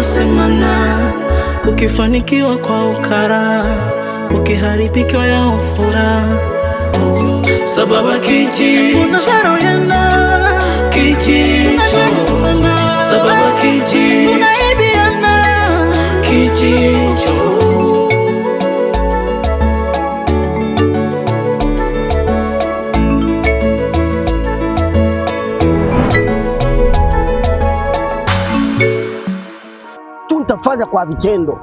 tunayosemana, ukifanikiwa kwa ukara, ukiharibikiwa ya ufura sababa kiji kiji nitafanya kwa vitendo.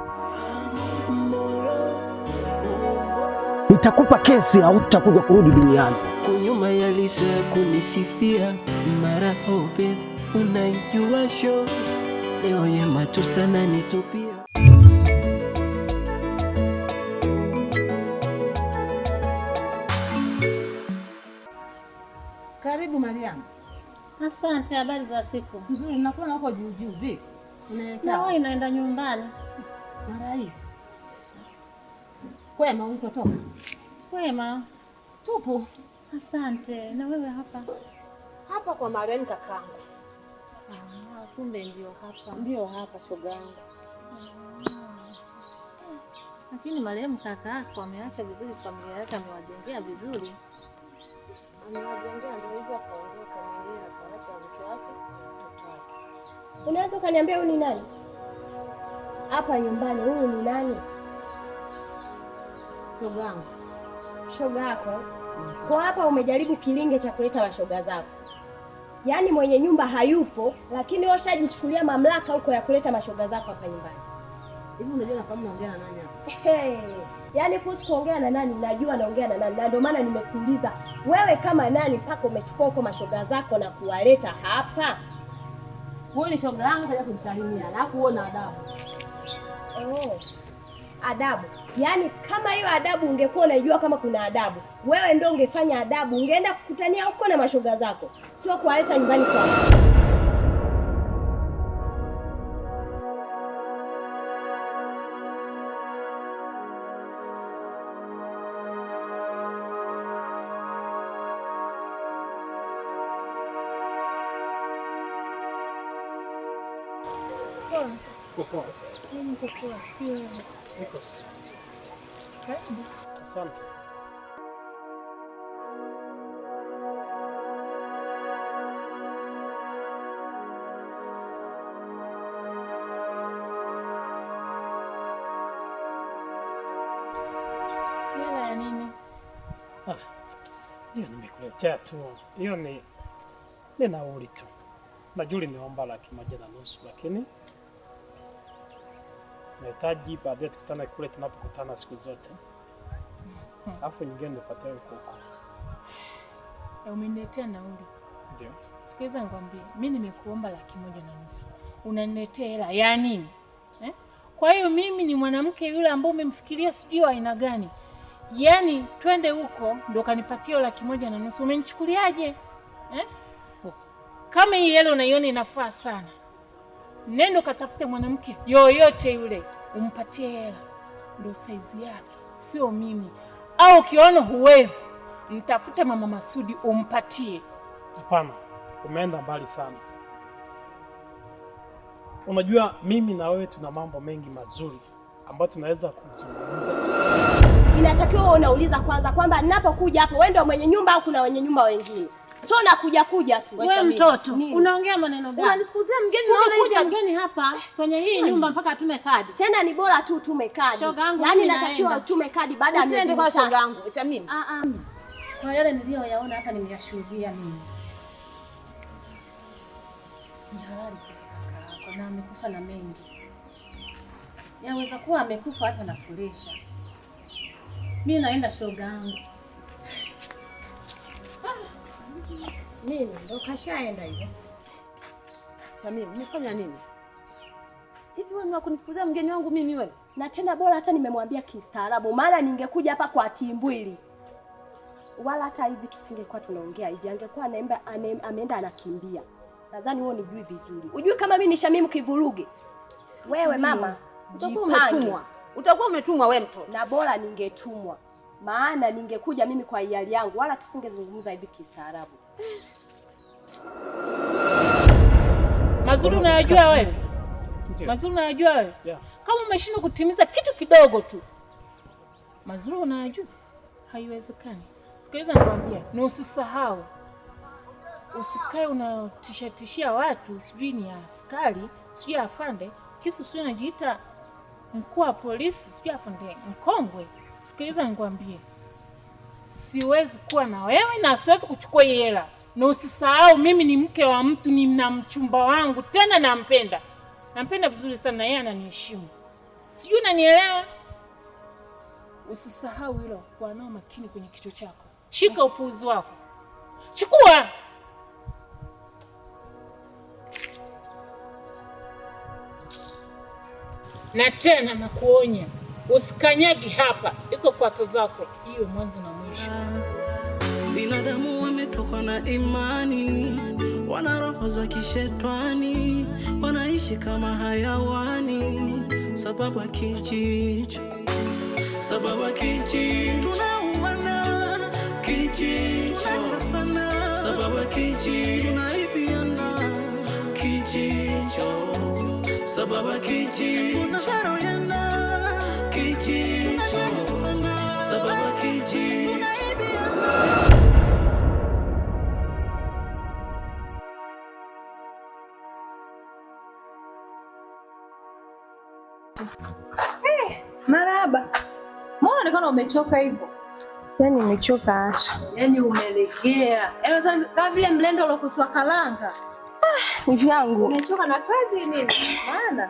Nitakupa kesi, hautakuja kurudi duniani. Kunyuma ya liso ya kunisifia mara hope unaijua sho leo ya matu sana nitupia Karibu Mariamu. Asante, habari za siku. Nzuri, nakuona huko juu juu, vipi? na wewe inaenda nyumbani mara hii. Kwema ulikotoka? Kwema tupo. Asante. Na wewe hapa hapa kwa Mariam kakangu? Ah, kumbe ndio hapa, ndio hapa shoga ah, Lakini Mariam kaka yako ameacha vizuri familia yake, amewajengea vizuri, amewajengea ndio hivyo akaondoka. Unaweza ukaniambia huyu ni nani hapa nyumbani? Huyu ni nani? Shoga yangu. Shoga yako? Kwa hapa umejaribu kilinge cha kuleta washoga zako, yaani mwenye nyumba hayupo, lakini wewe ushajichukulia mamlaka huko ya kuleta mashoga zako hapa nyumbani. Hivi unajua nafahamu naongea na nani hapa? Hey, yaani kuhusu kuongea na nani, najua naongea na nani, na ndio maana nimekuuliza wewe kama nani mpaka umechukua huko mashoga zako na kuwaleta hapa. Wewe ni shoga yangu kaja kumsalimia, na kuona adabu. Oh. Adabu yaani, kama hiyo adabu ungekuwa unaijua kama kuna adabu, wewe ndio ungefanya adabu, ungeenda kukutania huko na mashoga zako, sio kuwaleta nyumbani kwako. Asante. Ah, hiyo nimekuletea tu, hiyo ni nauli tu. Najua nimeomba laki moja na nusu lakini Nahitaji baadaye tukutane kule tunapokutana siku zote. Hmm. Alafu nyingine nipatie huko huko. Umeniletea nauli. Ndio. Sikiliza nikwambie, mimi nimekuomba laki moja na nusu. Unaniletea hela ya nini? Eh? Kwa hiyo mimi ni mwanamke yule ambaye umemfikiria sijui aina gani. Yaani twende huko ndo kanipatie laki moja na nusu. Umenichukuliaje? Eh? Kama hii hela unaiona inafaa sana nendo katafute mwanamke yoyote yule, umpatie hela, ndio saizi yake, sio mimi. Au ukiona huwezi, mtafute mama Masudi umpatie. Hapana, umeenda mbali sana. Unajua mimi na wewe tuna mambo mengi mazuri ambayo tunaweza kuzungumza. Inatakiwa unauliza kwanza kwamba ninapokuja hapo wewe ndio mwenye nyumba au kuna wenye nyumba wengine? So nakuja kuja tu. Wewe mtoto, unaongea maneno gani? Unanikuzia mgeni na hivi mgeni hapa kwenye hii nyumba mpaka atume kadi. Tena ni bora tu tume kadi. Yaani natakiwa utume kadi baada ya miezi kwa Shoga yangu, acha mimi. Ah ah. Mm. Kwa yale niliyoyaona hapa nimeyashuhudia mimi. Ni kwa na amekufa na mengi. Yaweza kuwa amekufa hata na kulisha. Mimi naenda shoga yangu. mimi ndo kashaenda hivyo. Samim, nimefanya nini hivi? Wewe unakunifukuza mgeni wangu mimi wewe? Na tena bora hata nimemwambia kistaarabu, maana ningekuja hapa kwa timbwili, wala hata hivi tusingekuwa tunaongea hivi, angekuwa anaimba ameenda anakimbia. Nadhani wewe unijui vizuri, ujui kama mimi ni Shamimu kivuruge. Wewe mama, jipange, utakuwa umetumwa wewe mtoto. Na bora ningetumwa, maana ningekuja mimi kwa hiari yangu, wala tusingezungumza hivi kistaarabu. Mazuri unayajua wewe? Mazuri unayajua wewe? Kama umeshindwa kutimiza kitu kidogo tu, mazuri unayajua? Haiwezekani. Sikiliza nikwambia, ni usisahau, usikae unatishatishia watu, sijui ni askari, sijui afande Kisu, sijui unajiita mkuu wa polisi, sijui afande mkongwe. Sikiliza nikwambie, siwezi kuwa na wewe na siwezi kuchukua hii hela na usisahau mimi ni mke wa mtu, ni na mchumba wangu, tena nampenda, nampenda vizuri sana, yeye ananiheshimu. Sijui unanielewa? Usisahau hilo, kuwa nao makini kwenye kichwa chako. Shika upuuzi wako, chukua na tena nakuonya, usikanyagi hapa. Hizo kwato zako iwe mwanzo na mwisho. Binadamu tuko na imani, wana roho za kishetwani, wanaishi kama hayawani, sababu ya kijiji, sababu ya kijiji, tunaumana kijiji, tunatesana sababu ya kijiji, tunaibiana kijiji, sababu ya kijiji, tunadharauliana Mbona umechoka hivyo? Yaani umechoka Asha. Yaani umelegea. Eleza eh, kama vile mlendo uliokuswa kalanga. Ah, ni vyangu. Umechoka na kazi nini? Maana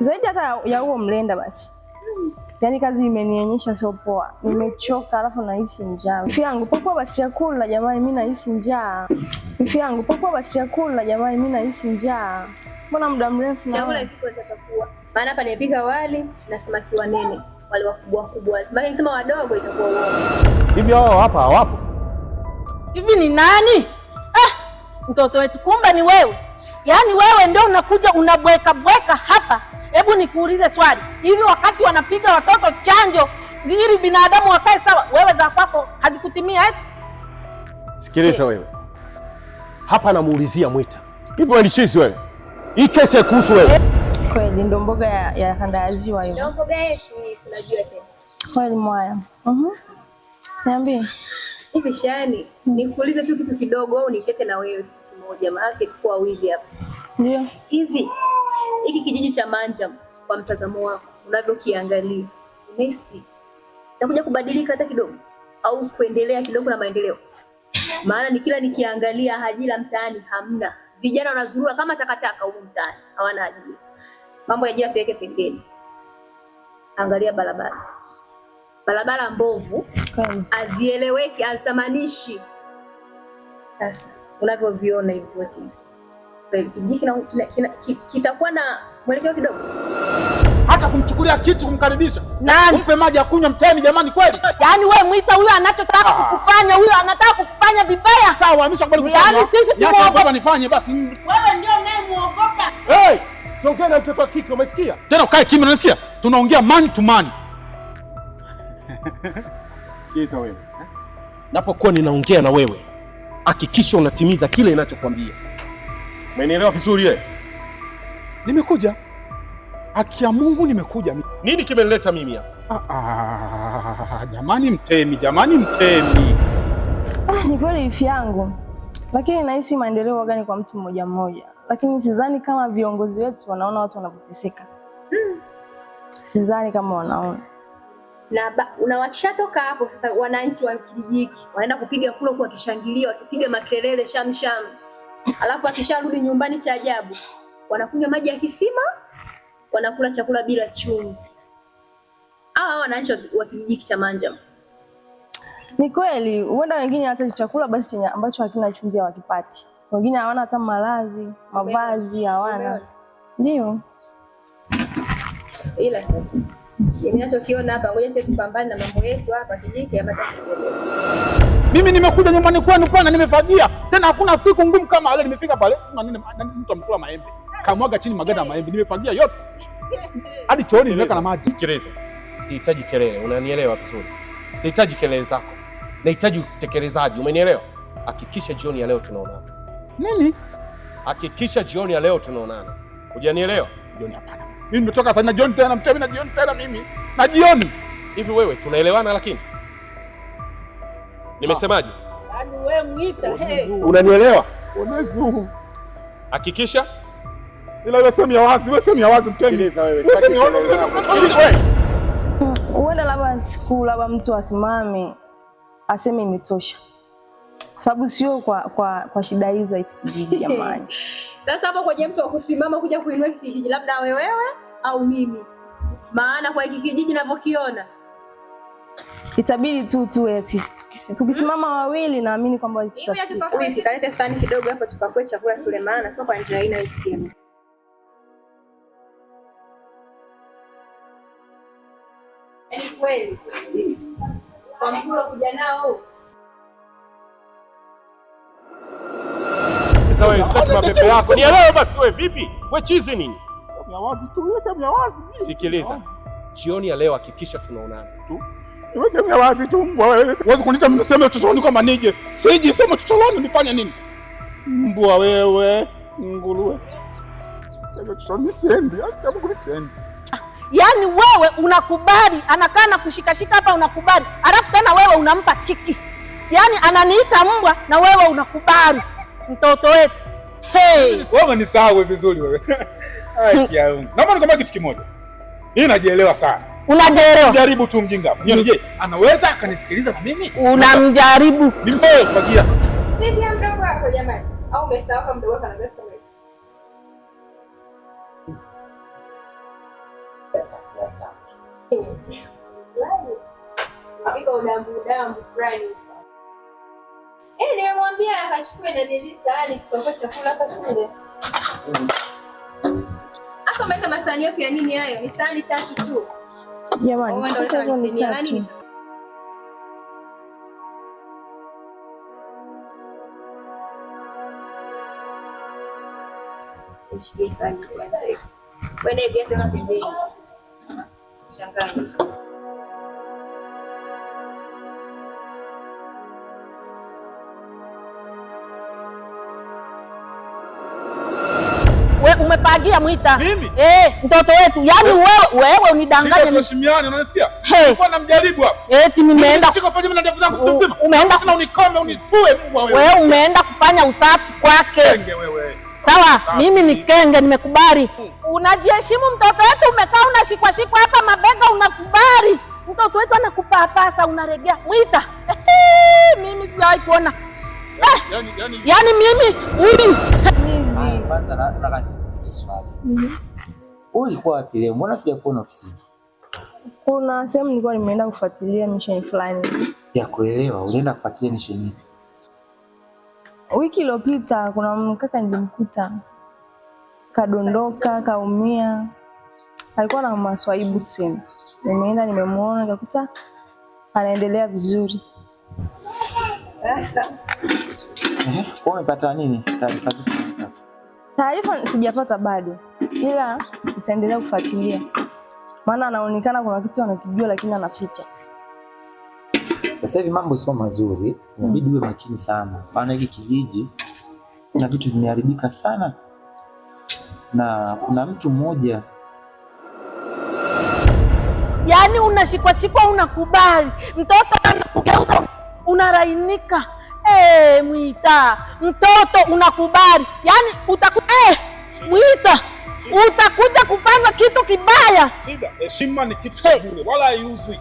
zaidi hata ya huo mlenda basi. Yaani kazi imenionyesha sio poa. Nimechoka alafu nahisi njaa. Mifi yangu popo basi chakula jamani mimi nahisi njaa. Mifi yangu popo basi chakula jamani mimi nahisi njaa. Mbona muda mrefu na chakula kiko cha kitakuwa. Maana hapa nimepika wali na samaki wa nene wale wakubwa wakubwa, lakini sema wadogo itakuwa uongo. Hivi hao hapa hawapo? Hivi ni nani? Ah, mtoto wetu, kumbe ni wewe. Yaani wewe ndio unakuja unabweka bweka hapa. Hebu nikuulize swali, hivi wakati wanapiga watoto chanjo ili binadamu wakae sawa, wewe za kwako hazikutimia eti? Eh? Sikiliza wewe hapa, namuulizia Mwita, hivi wewe ni chizi wewe? Hii kesi kuhusu wewe Kweli ndo mboga ya, ya kandayaziwa hiyo. Ndio mboga yetu hii tunajua tena. Kweli mwaya. Mhm. Uh -huh. Niambie. Hivi Shani, mm. nikuulize tu kitu kidogo au nikete na wewe kitu kimoja maana tuko wawili hapa. Ndio. Hivi hiki kijiji cha Manja kwa mtazamo wako unavyokiangalia, Messi nakuja kubadilika hata kidogo au kuendelea kidogo na maendeleo? Maana ni kila nikiangalia ajira mtaani hamna, vijana wanazurura kama takataka huko mtaani, hawana ajira. Mambo ya jua tuweke pembeni, angalia barabara. Barabara mbovu Azieleweki, azitamanishi. Sasa unavyoviona hivi vyote kijiji kitakuwa na mwelekeo kidogo, hata kumchukulia kitu kumkaribisha, nani? umpe maji ya kunywa mtemi. Jamani, kweli yaani, wewe mwita huyo anachotaka ah. kukufanya, huyo anataka kukufanya vibaya. Sawa, amesha kubali kufanya, yaani sisi tunaogopa. Nifanye basi, wewe ndio unayemwogopa. Tuongee na mtoto wa kike, umesikia? Tena ukae kimya, unasikia? Tunaongea man to man. Sikiza wewe. Eh? Napokuwa ninaongea na wewe, hakikisha unatimiza kile ninachokwambia. Umenielewa vizuri wewe? Nimekuja. Haki ya Mungu nimekuja. Nini kimenileta mimi hapa? Ah, ah, jamani mtemi, jamani mtemi. Ah, ni kweli ifi yangu lakini nahisi maendeleo gani kwa mtu mmoja mmoja, lakini sidhani kama viongozi wetu wanaona watu wanavyoteseka. Mm. Sidhani kama wanaona na, wakishatoka hapo sasa, wananchi wa kijiji wanaenda kupiga kula huku wakishangilia, wakipiga makelele shamsham, alafu akisharudi nyumbani, cha ajabu, wanakunywa maji ya kisima, wanakula chakula bila chumvi. Hawa wananchi wa kijiji cha Manjama ni kweli huenda wengine hata chakula basi ambacho hakina chumvi hawakipati, wengine hawana hata malazi, mavazi hawana. Ndio ila sasa ninachokiona hapa, ngoja sisi tupambane na mambo yetu hapa kijiji. Mimi nimekuja nyumbani kwenu pana, nimefagia tena, hakuna siku ngumu kama leo. Nimefika pale siku mtu amekula maembe, kamwaga chini maganda ya maembe, nimefagia yote hadi chooni, nimeweka na maji. Sikiliza, sihitaji kelele, unanielewa vizuri, sihitaji kelele zako nahitaji utekelezaji, umenielewa? Hakikisha jioni ya leo tunaonana. Nini? Hakikisha jioni ya leo tunaonana. Hujanielewa? Jioni hapana. Mimi nimetoka sana jioni tena mtemi na jioni tena mimi. Na jioni. Hivi wewe tunaelewana lakini? Nimesemaje? Yaani wewe mwita, hey. Unanielewa? Unezu. Hakikisha ila wewe sema ya wazi, wewe sema ya wazi mtemi. Wewe sema ya wazi mtemi. Uende labda siku labda mtu asimame aseme imetosha, kwa sababu sio kwa kwa, kwa shida hizi za kijiji jamani. Sasa hapo kwenye mtu wa kusimama kuja kuinua kijiji, labda wewe au mimi, maana kwa kijiji ninavyokiona itabidi tu tuwe tukisimama hmm? wawili naamini kwamba kalete sani kidogo hapo tupakue chakula kule, maana sio kwa njia hii naisikia eh, kweli wa mgula kuja nao. mapepe yako ni leo basi. Wewe vipi? Wewe chizi nini? Sikiliza, jioni ya leo hakikisha tunaonana tu. sema wazi tu mbwa wewe. Huwezi kuniita mimi niseme chochote kwamba nije. Siji sema chochote nifanye nini? Mbwa wewe, nguruwe. Sema chochote nisendi, hata mkunisendi. Yaani wewe unakubali, anakaa na kushikashika hapa, unakubali, alafu tena wewe unampa kiki. Yaani ananiita mbwa na wewe unakubali, mtoto wetu. Hey, wewe umenisahau vizuri wewe. Naomba nikwambie kitu kimoja. Mimi najielewa sana. Unajielewa? Jaribu tu mjinga hapa. je, anaweza akanisikiliza na mimi? Unamjaribu. Nimsikia. Hey. Mdogo hapo jamani. Au umesahau kama mdogo kanaweza Kapika udambu dambu fulani. Eh, nimemwambia akachukue na deli sahani kitoko chakula hapa kule. Hapo meka masahani yako ya nini hayo? Ni sahani tatu tu. Jamani, sasa ni tatu. Mshikie sahani kwanza. Wewe ndio pembeni. Changanya. We Mwita. Mimi? Eh, mtoto wetu. Yaani wewe wewe unidanganye. Tunaheshimiana, unanisikia? Nilikuwa namjaribu hapo. Eti nimeenda. Siko fanya mimi ndevu zangu mtu mzima. Umeenda tena unikome unitue Mungu wewe. Wewe umeenda kufanya usafi kwake. Kenge wewe. Sawa, mimi ni kenge nimekubali unajiheshimu mtoto wetu, umekaa unashikwa shikwa hapa mabega, unakubali mtoto wetu anakupapasa, unaregea mwita. Mimi sijawahi kuona eh, yani, yani, yani mimi uli ulikuwa mhm. wapi leo? Mbona sijakuona ofisini? Kuna sehemu nilikuwa nimeenda kufuatilia misheni fulani ya kuelewa. Ulienda kufuatilia misheni wiki iliyopita? Kuna mkaka nilimkuta kadondoka, kaumia, alikuwa na maswaibu tena. Nimeenda nimemwona nikakuta anaendelea vizuri. Sasa mhm. umepata nini taarifa? Taarifa sijapata bado, ila itaendelea kufuatilia, maana anaonekana kuna kitu anakijua, lakini anaficha. Sasa hivi mambo sio mazuri, inabidi uwe makini sana, maana hiki kijiji na vitu vimeharibika sana na kuna mtu mmoja yaani, unashikwashikwa unakubali, mtoto anakugeuza unarainika. Hey, eh, Mwita mtoto unakubali, yaani utaku hey, eh, Mwita utakuja kufanya kitu kibaya. Heshima ni kitu cha bure, wala haiuzwi.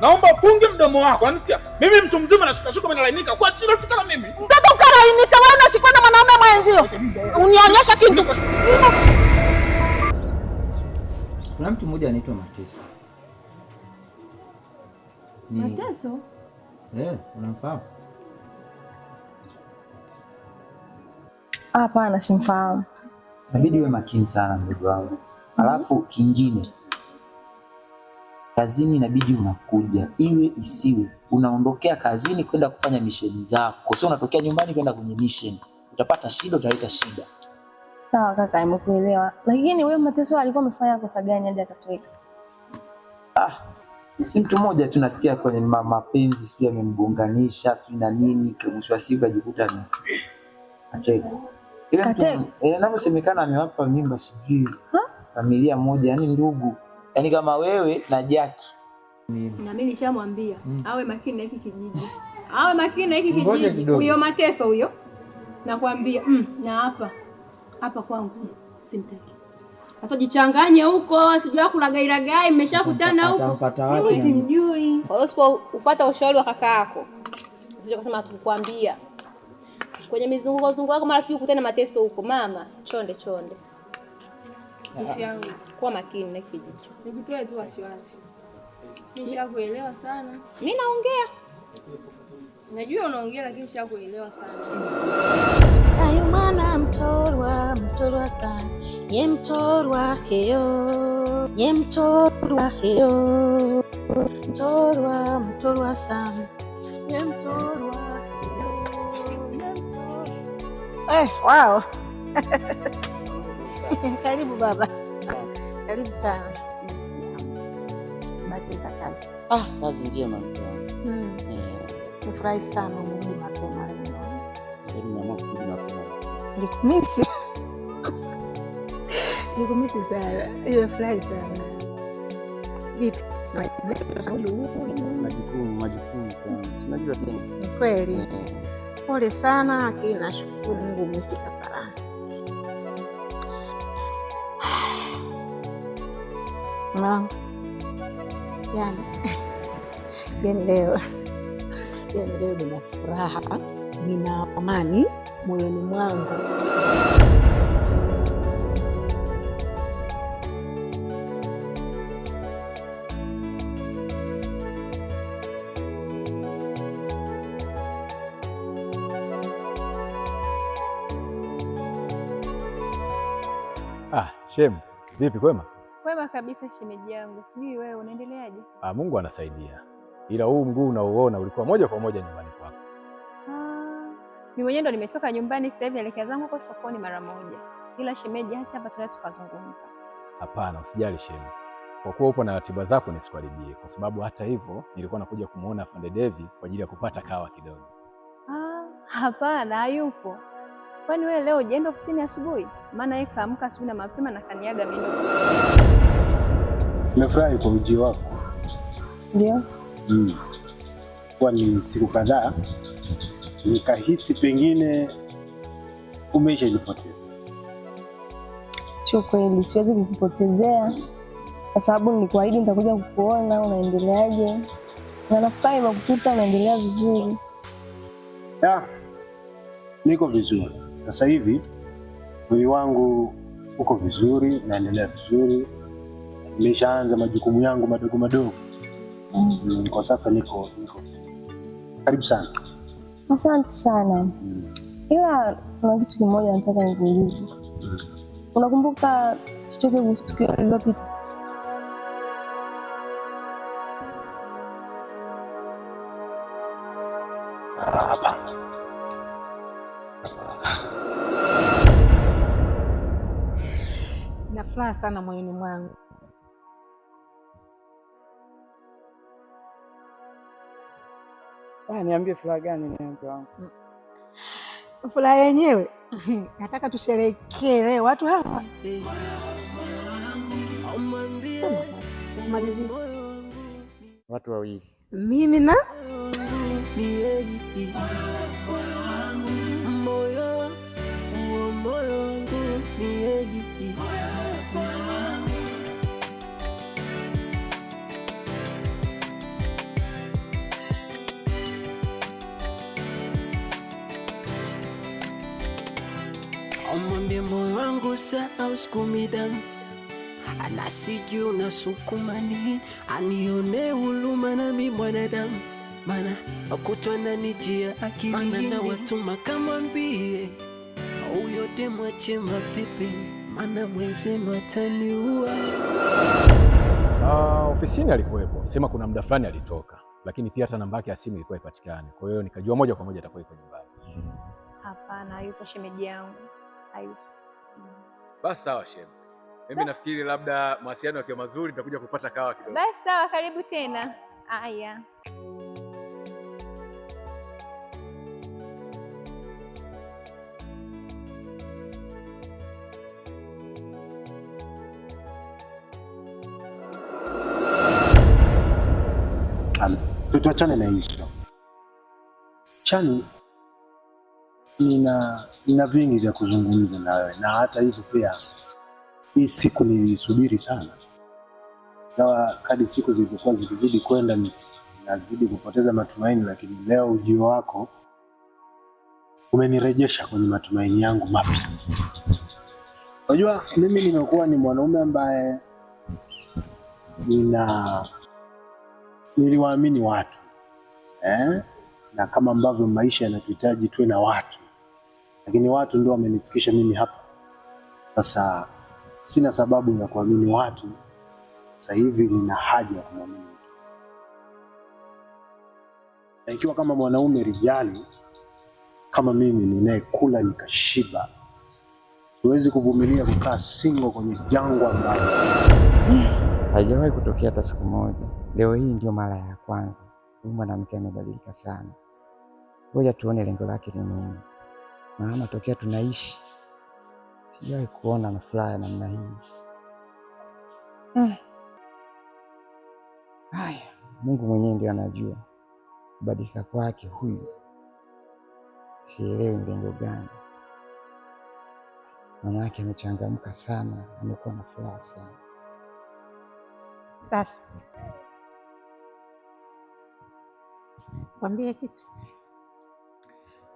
Naomba ufunge mdomo wako. Unanisikia? Mimi mtu mzima nashika shuka nalainika. Kwa nini unatukana mimi? Mtoto ukalainika wewe unashikwa na mwanaume mwenzio. Unionyesha kitu. Kuna mtu mmoja anaitwa Mateso. Ni... Mateso? Eh, unamfahamu? Hapana, simfahamu. Inabidi uwe makini sana ndugu wangu. Alafu kingine Kazini inabidi unakuja, iwe isiwe, unaondokea kazini kwenda kufanya misheni zako, sio unatokea nyumbani kwenda kwenye misheni. Utapata shida, utaleta shida. Sawa kaka, nimekuelewa. Lakini wewe Mateso alikuwa amefanya kosa gani hadi akatoweka? Ah, si mtu mmoja tu nasikia kwenye mapenzi, sijui amemgonganisha sijui na nini, mwisho wa siku ajikuta eh, navyosemekana amewapa mimba sijui familia moja, yani ndugu yaani kama wewe na Jaki. Na mimi nishamwambia mm. awe makini na hiki kijiji, awe makini na hiki kijiji. Huyo mateso huyo, nakwambia mm, na hapa hapa kwangu simtaki. Sasa jichanganye huko, sijua gai, mmeshakutana huko, mimi simjui. Kwa hiyo sipo upata ushauri wa kaka yako, usije kusema tukukwambia kwenye mizunguko zunguko yako, mara sijui kutana mateso huko, mama chonde chonde. Nishauri kuwa makini na kijicho, nikitoe tu wasiwasi. Nishakuelewa sana. Mimi naongea, najua unaongea, lakini nishakuelewa sana. Ayu mwana mtorwa, mtorwa sana ye, mtorwa heyo, ye mtorwa heyo, mtorwa, mtorwa sana ye, mtorwa heyo, eh, wow Karibu baba. Karibu sana. Baki za kazi. Ah, kazi njema mke wangu. Mm. Eh. Nifurahi sana Mungu mapema leo. Nikumisi. Nikumisi sana. Nimefurahi sana. Vipi? Majukumu, majukumu sana. Unajua tena. Ni kweli. Eh. Pole sana, lakini nashukuru Mungu umefika salama. wangu yani, yani leo yani leo nina furaha, nina amani moyoni mwangu. Ah, vipi kwema? Kwema kabisa shemeji yangu, sijui wewe unaendeleaje? Ah, Mungu anasaidia, ila huu mguu unaouona ulikuwa moja kwa moja nyumbani kwako. Ah, mimi mwenyewe ndo nimetoka nyumbani sasa hivi, elekea zangu kwa sokoni mara moja. Ila shemeji, hata hapa tunaweza tukazungumza. Hapana, usijali shemeji, kwa kuwa upo na ratiba zako nisikuharibie, kwa sababu hata hivyo nilikuwa nakuja kumuona Fande Devi kwa ajili ya kupata kawa kidogo. Ah, hapana, hayupo kwani wewe leo hujaenda ofisini asubuhi? Maana yeye kaamka asubuhi na mapema na kaniaga mimi ofisini. Nimefurahi kwa ujio wako. Ndio. Mm. Kwa ni siku kadhaa nikahisi pengine umeisha nipoteza. Sio kweli, siwezi kukupotezea kwa sababu nilikuahidi nitakuja kukuona unaendeleaje, na nafurahi kwa kukuta unaendelea vizuri. Ah, niko vizuri sasa hivi mwili wangu uko vizuri, naendelea vizuri, nimeshaanza majukumu yangu madogo madogo. Mm. Kwa sasa niko niko karibu sana. Asante sana. Mm. Ila kuna kitu kimoja nataka nikuulize. Mm. Unakumbuka tukio sana sana moyoni mwangu. Ah, niambie furaha gani mke wangu? Mm. Furaha yenyewe nataka tusherekee watu hawa watu wawili, mimi na Omwambie moyo wangu saa usikumidam anasiju unasukumani anione huluma nami mwanadamu mana akutwa na nanijia akilini na watu makamwambie mbie huyo demwache mapepe mana mwenzenu ataniua. Uh, ofisini alikuwepo, sema kuna muda fulani alitoka, lakini pia hata namba yake ya simu ilikuwa ipatikani, kwa hiyo nikajua moja kwa moja atakuwa yuko nyumbani. Hapana, yupo shemeji yangu hayupo. Basi sawa shem, mimi nafikiri labda mawasiliano yakiwa mazuri nitakuja kupata kawa kidogo. Basi sawa, karibu tena. Haya. Tutuachane na hizo Chani, nina nina vingi vya kuzungumza na wewe, na hata hivyo pia hii siku nilisubiri sana, ingawa kadi siku zilivyokuwa zikizidi kwenda nazidi kupoteza matumaini, lakini leo ujio wako umenirejesha kwenye matumaini yangu mapya. Unajua, mimi nimekuwa ni mwanaume ambaye nina niliwaamini watu eh? na kama ambavyo maisha yanatuhitaji tuwe na watu lakini watu ndio wamenifikisha mimi hapa. Sasa sina sababu ya kuamini watu, sasa hivi nina haja ya kumwamini mtu, na ikiwa kama mwanaume rijali kama mimi ninayekula nikashiba, siwezi kuvumilia kukaa singo kwenye jangwa ambalo haijawahi kutokea hata siku moja. Leo hii ndio mara ya kwanza huyu mwanamke amebadilika sana. Ngoja tuone lengo lake ni nini maana tokea tunaishi sijawahi kuona na furaha ya namna hii. Mm. Haya, mm. Mungu mwenyewe ndio anajua kubadilika kwake huyu, sielewi lengo gani. Mama yake amechangamka sana, amekuwa na furaha sana. Sasa mwambie kitu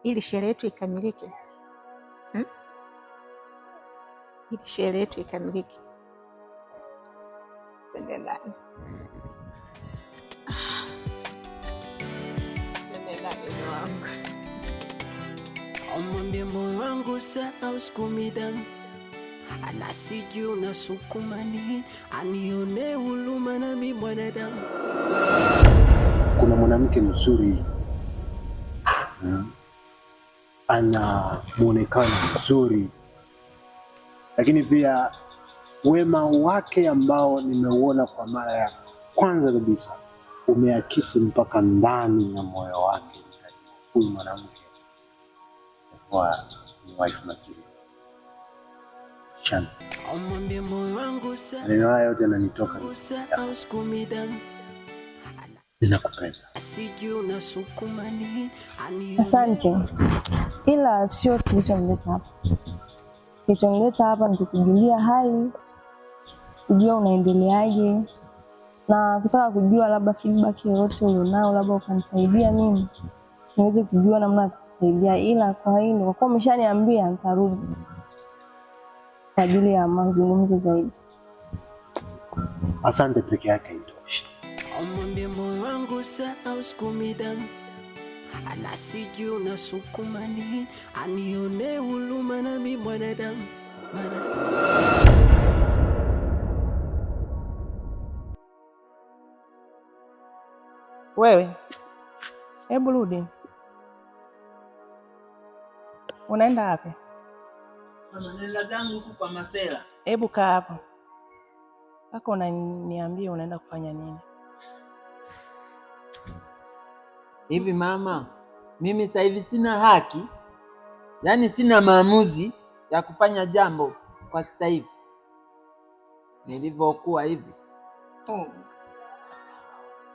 ili sherehe yetu ikamilike hmm? ili sherehe yetu ikamilike Pendelani. Amwambia moyo wangu saa usikumidam anasiju unasukumani anione huluma nami mwanadamu. Kuna mwanamke mzuri hmm? ana mwonekano mzuri, lakini pia wema wake ambao nimeuona kwa mara ya kwanza kabisa umeakisi mpaka ndani ya moyo wake. Huyu mwanamke kwa ni wife material. Maneno haya yote yananitoka Asante, ila sio kilichomleta hapa. Kilichomleta hapa ni kukujulia hali, kujua unaendeleaje, na kutaka kujua labda feedback yoyote ulionao, labda ukanisaidia mimi niweze kujua namna ya kukusaidia. Ila kwa hilo, kwa kuwa umeshaniambia, nitarudi kwa ajili ya mazungumzo zaidi. Asante peke yake. Umwambie moyo wangu saa usikumi damu anasiju na sukumani anione huluma nami mwanadamu wewe, hebu rudi. Unaenda wapi? Nenda zangu huku kwa Masela. Hebu kaa hapo mpaka unaniambie unaenda kufanya nini. Hivi mama, mimi sasa hivi sina haki, yaani sina maamuzi ya kufanya jambo kwa sasa hivi nilivyokuwa hivi? Oh.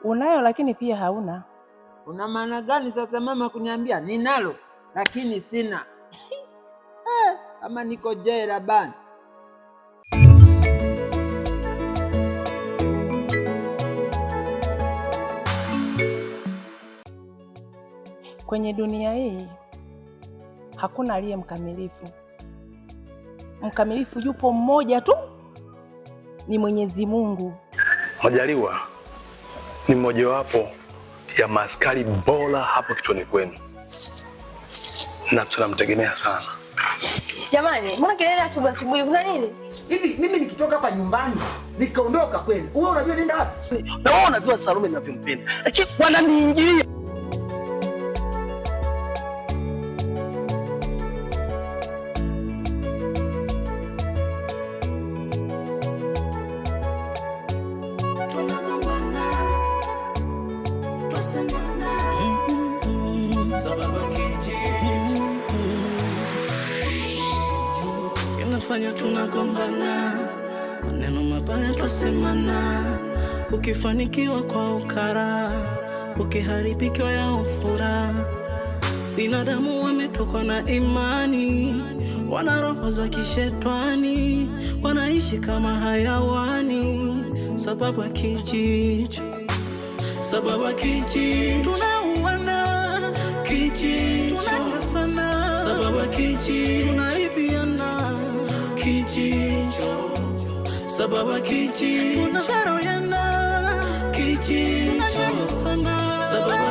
Unayo lakini pia hauna. Una maana gani sasa mama kuniambia ninalo lakini sina? Eh, kama niko jela bana. Kwenye dunia hii hakuna aliye mkamilifu. Mkamilifu yupo mmoja tu, ni Mwenyezi Mungu. Majaliwa ni mmojawapo ya maaskari bora hapo kichwani kwenu, na tunamtegemea sana. Jamani, mbona kelele asubuhi asubuhi, kuna nini? Hivi mimi nikitoka hapa nyumbani nikaondoka kwenu, wewe unajua nenda wapi? Na wewe unajua Salome ninavyompenda, lakini wananiingilia ukiharibikiwa ya ufura. Binadamu wametokwa na imani, wana roho za kishetwani, wanaishi kama hayawani, sababu ya kijiji, sababu ya kijiji, tunauana kijiji, tunatesana sababu ya kijiji, tunaibiana kijiji, sababu ya kijiji, tunadharauliana jicho sababu